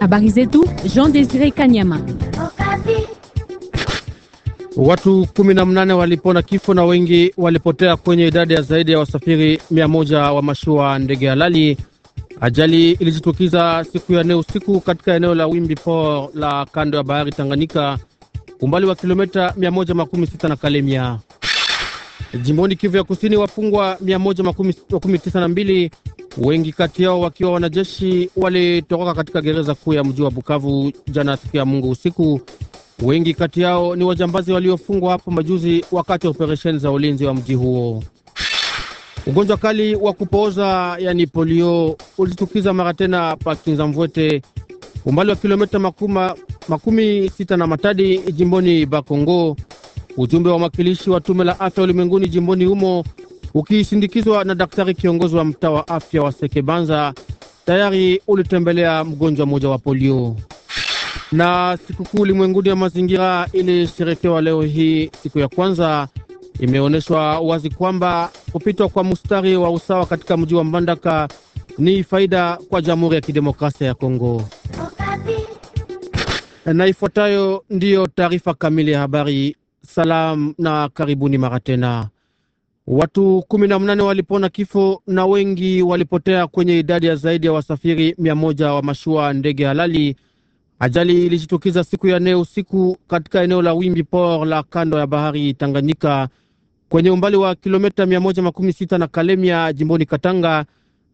Habari zetu Jean Desire Kanyama. Watu kumi na mnane walipona kifo na wengi walipotea kwenye idadi ya zaidi ya wasafiri mia moja wa mashua ndege halali. Ajali ilijitukiza siku ya nne usiku katika eneo la Wimbi Port la kando ya bahari Tanganyika, umbali wa kilomita sita na Kalemia, jimboni Kivu ya Kusini. Wafungwa 192 wengi kati yao wakiwa wanajeshi walitoroka katika gereza kuu ya mji wa Bukavu jana siku ya Mungu usiku. Wengi kati yao ni wajambazi waliofungwa hapo majuzi wakati wa operesheni za ulinzi wa mji huo. Ugonjwa kali wa kupooza yani polio ulitukiza mara tena pa Kinza Mvwete, umbali wa kilomita makuma, makumi sita na Matadi jimboni Bakongo. Ujumbe wa mwakilishi wa tume la afya ulimwenguni jimboni humo ukisindikizwa na daktari kiongozi wa mtaa wa afya wa Sekebanza, tayari ulitembelea mgonjwa mmoja wa polio. Na sikukuu ulimwenguni ya mazingira ilisherekewa leo hii, siku ya kwanza imeonyeshwa wazi kwamba kupitwa kwa mstari wa usawa katika mji wa Mbandaka ni faida kwa Jamhuri ya Kidemokrasia ya Kongo. Na ifuatayo ndiyo taarifa kamili ya habari. Salam na karibuni mara tena. Watu kumi na mnane walipona kifo na wengi walipotea kwenye idadi ya zaidi ya wasafiri mia moja wa mashua ndege halali. Ajali ilijitokeza siku ya nne usiku katika eneo la Wimbi Port la kando ya bahari Tanganyika, kwenye umbali wa kilomita mia moja makumi sita na Kalemia jimboni Katanga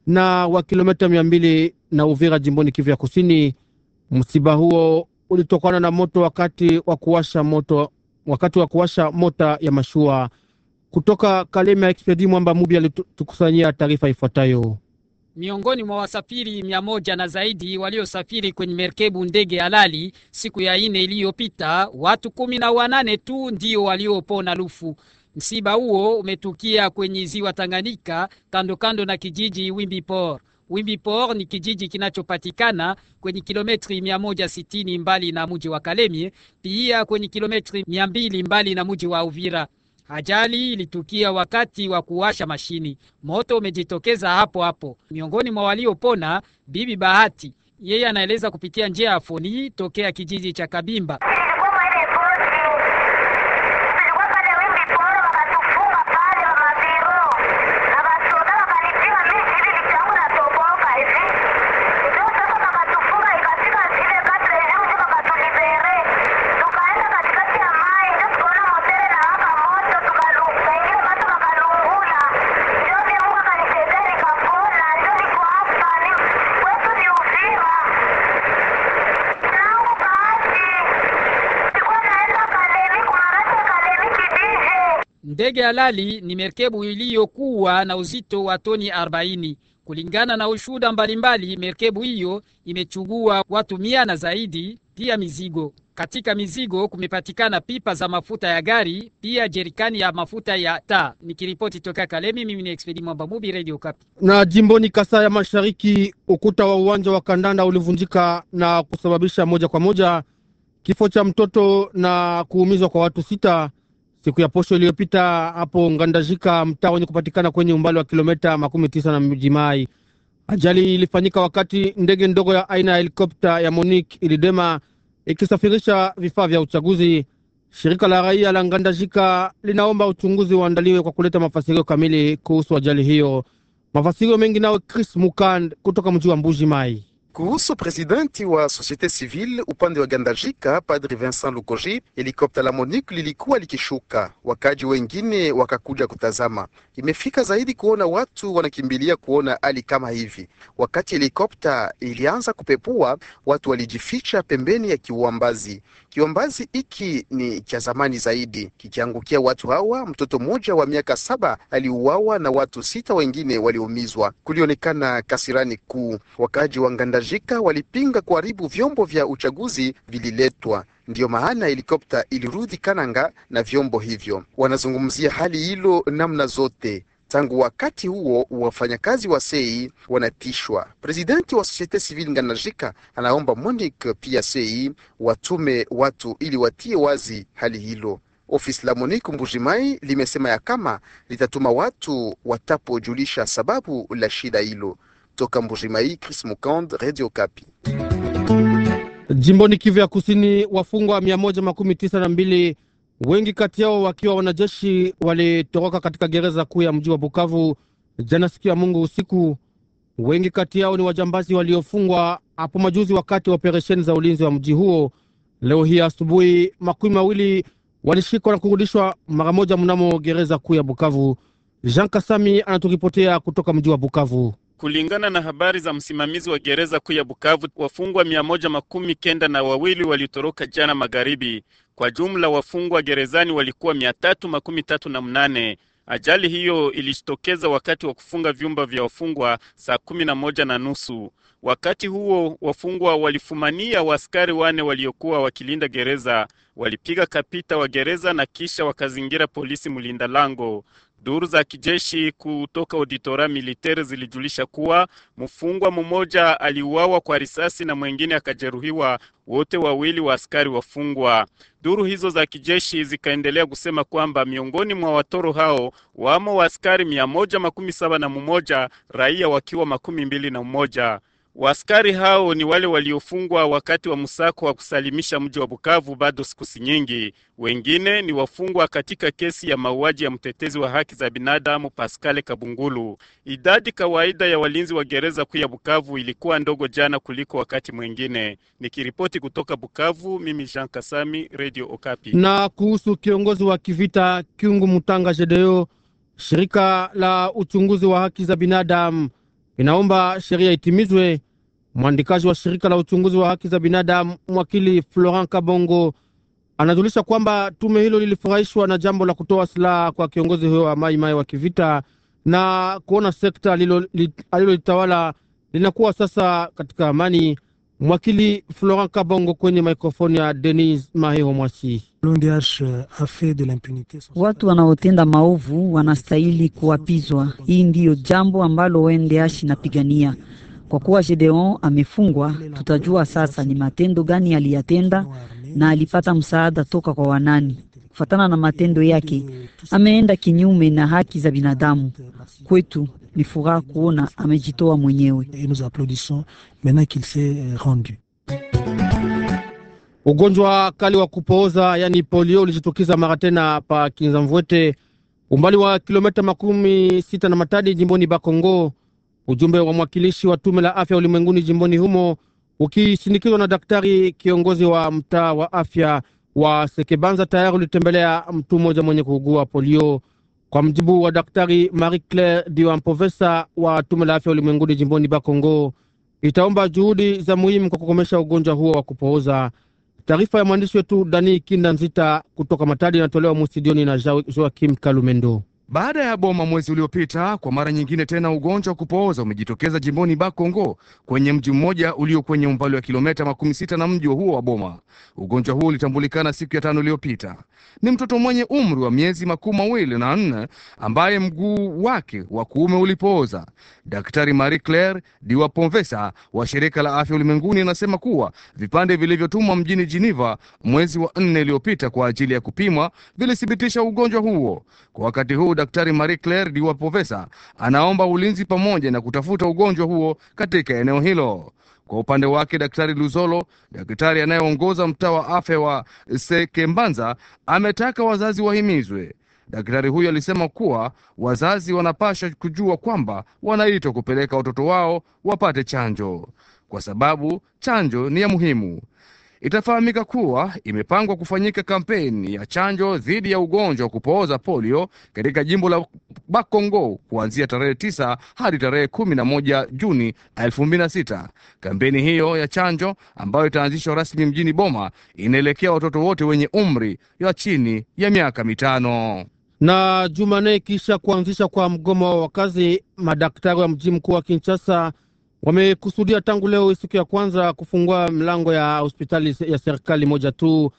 na wa kilomita mia mbili na Uvira jimboni Kivu ya Kusini. Msiba huo ulitokana na moto wakati wa kuwasha moto, wakati wa kuwasha mota ya mashua. Kutoka Kalema, Expedi Mwamba Mubi alitukusanyia taarifa ifuatayo. Miongoni mwa wasafiri mia moja na zaidi waliosafiri kwenye merkebu ndege halali siku ya ine iliyopita, watu kumi na wanane tu ndio waliopona lufu. Msiba huo umetukia kwenye ziwa Tanganyika, kando kando na kijiji Wimbipor. Wimbipor ni kijiji kinachopatikana kwenye kilometri 160 mbali na muji wa Kalemie, pia kwenye kilometri 200 mbali na muji wa Uvira. Ajali ilitukia wakati wa kuwasha mashini, moto umejitokeza hapo hapo. Miongoni mwa waliopona, Bibi Bahati yeye anaeleza kupitia njia ya foni tokea kijiji cha Kabimba. ndege halali ni merkebu iliyokuwa na uzito wa toni 40. Kulingana na ushuda mbalimbali, merkebu hiyo imechugua watu mia na zaidi, pia mizigo. Katika mizigo kumepatikana pipa za mafuta ya gari, pia jerikani ya mafuta ya taa. Nikiripoti toka Kalemi, mimi ni Expedi Mwamba Mubi, Radio Kapi. Na jimboni kasa ya Mashariki, ukuta wa uwanja wa kandanda ulivunjika na kusababisha moja kwa moja kifo cha mtoto na kuumizwa kwa watu sita siku ya posho iliyopita hapo Ngandajika, mtaa wenye kupatikana kwenye umbali wa kilomita makumi tisa na Mjimai. Mai. Ajali ilifanyika wakati ndege ndogo ya aina ya helikopta ya Monik ilidema ikisafirisha vifaa vya uchaguzi. Shirika la raia la Ngandajika linaomba uchunguzi uandaliwe kwa kuleta mafasirio kamili kuhusu ajali hiyo. Mafasirio mengi nawe Chris Mukand kutoka mji wa Mbuji Mai. Kuhusu presidenti wa societe civile upande wa Gandajika, Padri Vincent Lukoji, helikopta la Monique lilikuwa likishuka, wakaji wengine wakakuja kutazama. Imefika zaidi kuona watu wanakimbilia kuona hali kama hivi. Wakati helikopta ilianza kupepua, watu walijificha pembeni ya kiuambazi. Kiombazi hiki ni cha zamani zaidi, kikiangukia watu hawa. Mtoto mmoja wa miaka saba aliuawa na watu sita wengine waliumizwa. Kulionekana kasirani kuu. Wakaaji wa Ngandajika walipinga kuharibu vyombo vya uchaguzi vililetwa Ndiyo maana helikopta ilirudi Kananga na vyombo hivyo. Wanazungumzia hali hilo namna zote. Tangu wakati huo wafanyakazi wa sei wanatishwa. Presidenti wa Societe Civile Nganajika anaomba MONUC pia sei watume watu ili watie wazi hali hilo. Ofisi la MONUC Mbujimai limesema ya kama litatuma watu watapojulisha sababu la shida hilo. Toka Mbujimai, Chris Mukand, Radio Kapi. Jimboni Kivu ya Kusini, wafungwa mia moja makumi tisa na mbili wengi kati yao wakiwa wanajeshi walitoroka katika gereza kuu ya mji wa Bukavu jana siku ya Mungu usiku. Wengi kati yao ni wajambazi waliofungwa hapo majuzi wakati wa operesheni za ulinzi wa mji huo. Leo hii asubuhi, makumi mawili walishikwa na kurudishwa mara moja mnamo gereza kuu ya Bukavu. Jean Kasami anaturipotea kutoka mji wa Bukavu. Kulingana na habari za msimamizi wa gereza kuu ya Bukavu, wafungwa mia moja makumi kenda na wawili walitoroka jana magharibi. Kwa jumla wafungwa gerezani walikuwa mia tatu makumi tatu na mnane. Ajali hiyo ilijitokeza wakati wa kufunga vyumba vya wafungwa saa kumi na moja na nusu. Wakati huo wafungwa walifumania waaskari wane waliokuwa wakilinda gereza, walipiga kapita wa gereza na kisha wakazingira polisi mlinda lango. Duru za kijeshi kutoka auditora militaire zilijulisha kuwa mfungwa mmoja aliuawa kwa risasi na mwingine akajeruhiwa, wote wawili wa askari wafungwa. Duru hizo za kijeshi zikaendelea kusema kwamba miongoni mwa watoro hao wamo waaskari mia moja makumi saba na mmoja raia wakiwa makumi mbili na mmoja waskari hao ni wale waliofungwa wakati wa msako wa kusalimisha mji wa Bukavu bado siku nyingi. Wengine ni wafungwa katika kesi ya mauaji ya mtetezi wa haki za binadamu Pascal Kabungulu. Idadi kawaida ya walinzi wa gereza kuu ya Bukavu ilikuwa ndogo jana kuliko wakati mwingine. Nikiripoti kutoka Bukavu, mimi Jean Kasami, Radio Okapi. Na kuhusu kiongozi wa kivita Kyungu Mutanga Jedeo, shirika la uchunguzi wa haki za binadamu inaomba sheria itimizwe. Mwandikaji wa shirika la uchunguzi wa haki za binadamu mwakili Florent Kabongo anajulisha kwamba tume hilo lilifurahishwa na jambo la kutoa silaha kwa kiongozi huyo wa Mai Mai wa kivita na kuona sekta alilolitawala linakuwa sasa katika amani. Mwakili Florent Kabongo kwenye mikrofoni ya Denis Maheho Mwasi. Euh, Watu wanaotenda maovu wanastahili kuapizwa. Hii ndiyo jambo ambalo ONDH inapigania. Kwa kuwa Gedeon amefungwa, tutajua sasa ni matendo gani aliyatenda na alipata msaada toka kwa wanani. Kufatana na matendo yake, ameenda kinyume na haki za binadamu. Kwetu ni furaha kuona amejitoa mwenyewe. Ugonjwa kali wa kupooza yani polio ulijitokeza mara tena pa Kinzamvwete, umbali wa kilomita makumi sita na Matadi, jimboni Bakongo. Ujumbe wa mwakilishi wa tume la afya ulimwenguni jimboni humo ukishindikizwa na daktari kiongozi wa mtaa wa afya wa Sekebanza tayari ulitembelea mtu mmoja mwenye kuugua polio. Kwa mjibu wa daktari Marie Claire Diwampovesa wa tume la afya ulimwenguni jimboni Bakongo, itaomba juhudi za muhimu kwa kukomesha ugonjwa huo wa kupooza. Taarifa ya mwandishi wetu Dani Kinda Nzita kutoka Matadi inatolewa mustidioni na Joakim Kalumendo. Baada ya Boma mwezi uliopita, kwa mara nyingine tena ugonjwa wa kupooza umejitokeza jimboni Bakongo kwenye mji mmoja ulio kwenye umbali wa kilomita makumi sita na mji huo wa Boma. Ugonjwa huo ulitambulikana siku ya tano iliyopita. Ni mtoto mwenye umri wa miezi makumi mawili na nne ambaye mguu wake wa kuume ulipooza. Daktari Marie Claire Diwa wa shirika la afya ulimwenguni anasema kuwa vipande vilivyotumwa mjini Geneva mwezi wa nne iliyopita kwa ajili ya kupimwa vilithibitisha ugonjwa huo. Kwa wakati huu Daktari Marie Claire Diwapovesa anaomba ulinzi pamoja na kutafuta ugonjwa huo katika eneo hilo. Kwa upande wake Daktari Luzolo, daktari anayeongoza mtaa wa afya wa Sekembanza, ametaka wazazi wahimizwe. Daktari huyo alisema kuwa wazazi wanapasha kujua kwamba wanaitwa kupeleka watoto wao wapate chanjo, kwa sababu chanjo ni ya muhimu. Itafahamika kuwa imepangwa kufanyika kampeni ya chanjo dhidi ya ugonjwa wa kupooza polio katika jimbo la Bakongo kuanzia tarehe 9 hadi tarehe 11 Juni elfu Kampeni hiyo ya chanjo ambayo itaanzishwa rasmi mjini Boma inaelekea watoto wote wenye umri ya chini ya miaka mitano. Na Jumanne, kisha kuanzisha kwa mgomo wa wakazi, madaktari wa mji mkuu wa Kinshasa wamekusudia tangu leo siku ya kwanza kufungua mlango ya hospitali ya serikali moja tu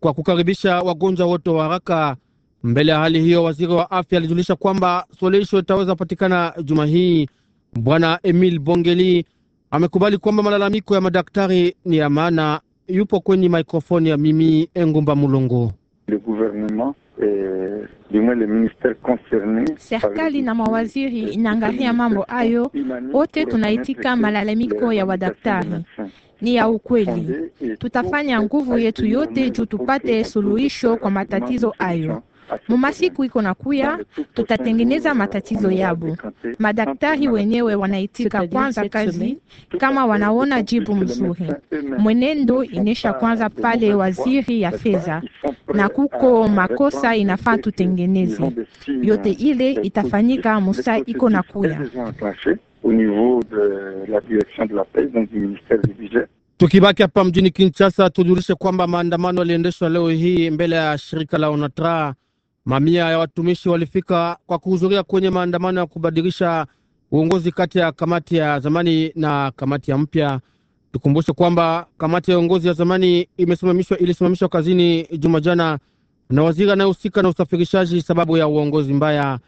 kwa kukaribisha wagonjwa wote wa haraka. Mbele ya hali hiyo, waziri wa afya alijulisha kwamba suluhisho itaweza patikana juma hii. Bwana Emil Bongeli amekubali kwamba malalamiko ya madaktari ni ya maana. Yupo kwenye mikrofoni ya mimi Engumba Mulungu eh, le minister concerné. Serikali na mawaziri eh, inaangalia eh, mambo hayo, eh, wote tunaitika malalamiko ya wadaktari ni ya ukweli. Tutafanya nguvu yetu yote juu tupate suluhisho kwa matatizo hayo mu iko na kuya tutatengeneza matatizo yabo. Madaktari wenyewe wanaitika kwanza kazi kama wanaona jibu mzuri. Mwenendo inesha kwanza pale waziri ya fedha, na kuko makosa inafaa tutengeneze. Yote ile itafanyika musa iko na kuya Tukibaki hapa mjini Kinshasa, tujulishe kwamba maandamano yaliendeshwa leo hii mbele ya shirika la ONATRA Mamia ya watumishi walifika kwa kuhudhuria kwenye maandamano ya kubadilisha uongozi kati ya kamati ya zamani na kamati ya mpya. Tukumbushe kwamba kamati ya uongozi ya zamani imesimamishwa, ilisimamishwa kazini juma jana na waziri anayehusika na usafirishaji sababu ya uongozi mbaya.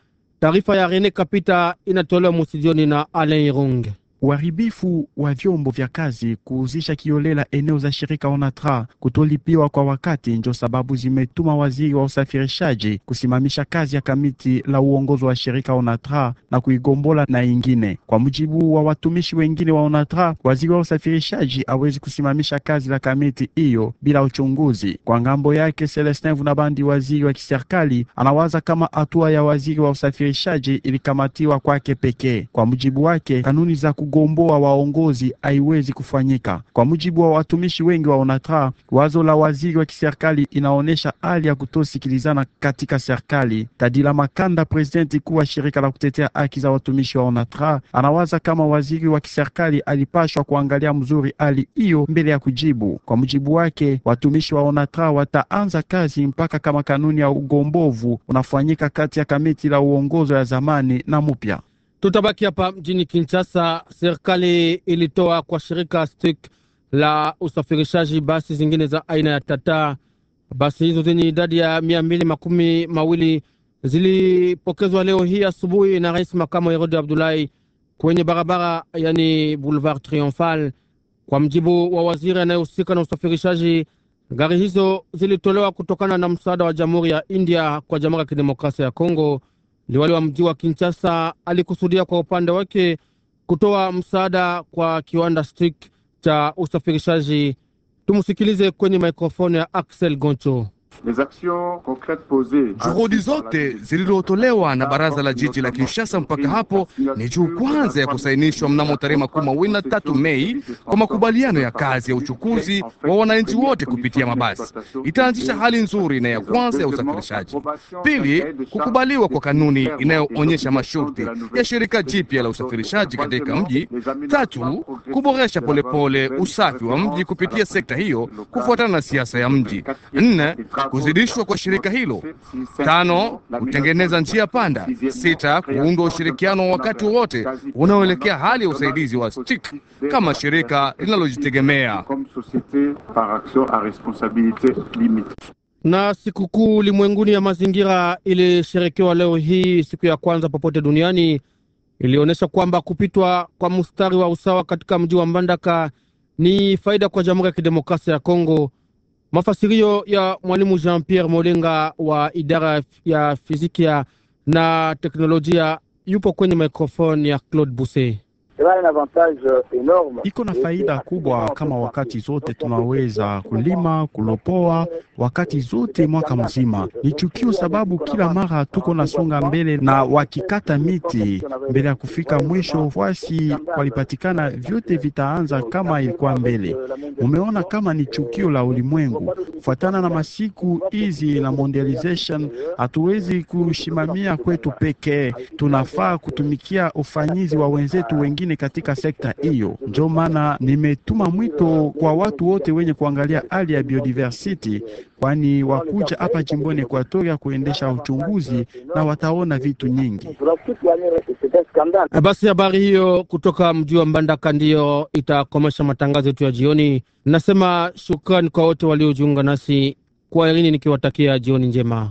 Taarifa ya Rene Kapita inatolewa musijioni na Alain Irunge uharibifu wa vyombo vya kazi, kuuzisha kiolela eneo za shirika ONATRA, kutolipiwa kwa wakati, ndio sababu zimetuma waziri wa usafirishaji kusimamisha kazi ya kamiti la uongozo wa shirika ONATRA na kuigombola na ingine. Kwa mujibu wa watumishi wengine wa ONATRA, waziri wa usafirishaji awezi kusimamisha kazi la kamiti hiyo bila uchunguzi. Kwa ngambo yake, Celestin Vunabandi, waziri wa kiserikali, anawaza kama hatua ya waziri wa usafirishaji ilikamatiwa kwake pekee. Kwa mujibu wake, kanuni za kugomboa waongozi haiwezi kufanyika. Kwa mujibu wa watumishi wengi wa ONATRA, wazo la waziri wa kiserikali inaonyesha hali ya kutosikilizana katika serikali. Tadila Makanda, presidenti kuu wa shirika la kutetea haki za watumishi wa ONATRA, anawaza kama waziri wa kiserikali alipashwa kuangalia mzuri hali hiyo mbele ya kujibu. Kwa mujibu wake, watumishi wa ONATRA wataanza kazi mpaka kama kanuni ya ugombovu unafanyika kati ya kamiti la uongozo ya zamani na mupya. Tutabaki hapa mjini Kinshasa. Serikali ilitoa kwa shirika STIK la usafirishaji basi zingine za aina ya Tata. Basi hizo zenye idadi ya mia mbili makumi mawili zilipokezwa leo hii asubuhi na rais makamu Herode Abdulahi kwenye barabara yani Boulevard Triomphal. Kwa mjibu wa waziri anayehusika na usafirishaji, gari hizo zilitolewa kutokana na msaada wa jamhuri ya India kwa jamhuri ya kidemokrasia ya Kongo. Liwali wa mji wa Kinshasa alikusudia kwa upande wake kutoa msaada kwa kiwanda Strik cha usafirishaji. Tumsikilize kwenye mikrofoni ya Axel Goncho. Juhudi zote zilizotolewa na baraza la jiji la Kinshasa mpaka hapo ni juu kwanza ya kusainishwa mnamo tarehe makumi mawili na tatu Mei kwa makubaliano ya kazi ya uchukuzi wa wananchi wote kupitia mabasi itaanzisha hali nzuri na ya kwanza ya usafirishaji. Pili, kukubaliwa kwa kanuni inayoonyesha masharti ya shirika jipya la usafirishaji katika mji. Tatu, kuboresha polepole usafi wa mji kupitia sekta hiyo kufuatana na siasa ya mji. Nne, kuzidishwa kwa shirika hilo. Tano, kutengeneza njia panda. Sita, kuundwa ushirikiano wakati wowote unaoelekea hali ya usaidizi wa STIK kama shirika linalojitegemea. Na sikukuu ulimwenguni ya mazingira ilisherekewa leo hii, siku ya kwanza popote duniani, ilionyesha kwamba kupitwa kwa mstari wa usawa katika mji wa Mbandaka ni faida kwa Jamhuri ya Kidemokrasia ya Kongo Mafasirio ya mwalimu Jean Pierre Molenga wa idara ya fizikia na teknolojia yupo kwenye mikrofoni ya Claude busse Eh euh, iko na faida kubwa kama wakati zote tunaweza kulima kulopoa wakati zote mwaka mzima. Ni chukio sababu kila mara tuko nasonga mbele, na wakikata miti mbele ya kufika mwisho wasi walipatikana, vyote vitaanza kama ilikuwa mbele. Umeona kama ni chukio euh, la ulimwengu Kufuatana na masiku hizi na mondialization. Hatuwezi kushimamia kwetu pekee, tunafaa kutumikia ufanyizi wa wenzetu wengine chini katika sekta hiyo. Ndio maana nimetuma mwito kwa watu wote wenye kuangalia hali ya biodiversity, kwani wakuja hapa jimboni ekuatoria kuendesha uchunguzi na wataona vitu nyingi. Eh, basi habari hiyo kutoka mji wa Mbandaka ndiyo itakomesha matangazo yetu ya jioni. Nasema shukrani kwa wote waliojiunga nasi kwa Irini, nikiwatakia jioni njema.